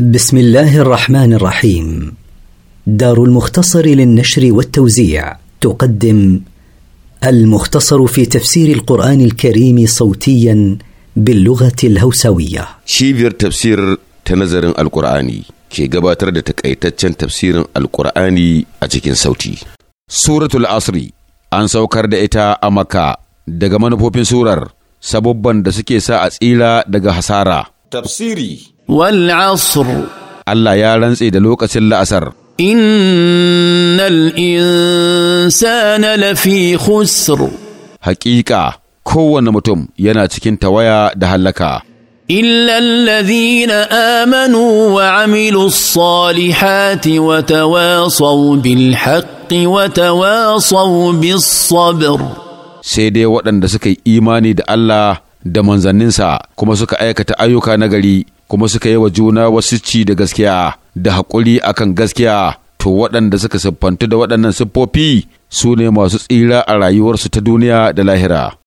بسم الله الرحمن الرحيم دار المختصر للنشر والتوزيع تقدم المختصر في تفسير القرآن الكريم صوتيا باللغة الهوسوية شيفير تفسير تنظر القرآني كي قباتر تكأيتتشن تفسير القرآني أجيكين صوتي سورة العصري أن سوكر دائتا أمكا دقمان بوبين سورر سببا da suke sa a tsira daga والعصر Allah ya rantse da lokacin la'asar innal insana lafi khusr haqiqa kowanne mutum yana cikin tawaya da halaka إلا الذين آمنوا وعملوا الصالحات وتواصوا بالحق وتواصوا بالصبر sai dai waɗanda suka yi imani da Allah da manzanninsa kuma suka aikata ayyuka na gari kuma suka yi wa juna wasu ci da gaskiya da haƙuri akan gaskiya to waɗanda suka siffantu da waɗannan siffofi su ne masu tsira a rayuwarsu ta duniya da lahira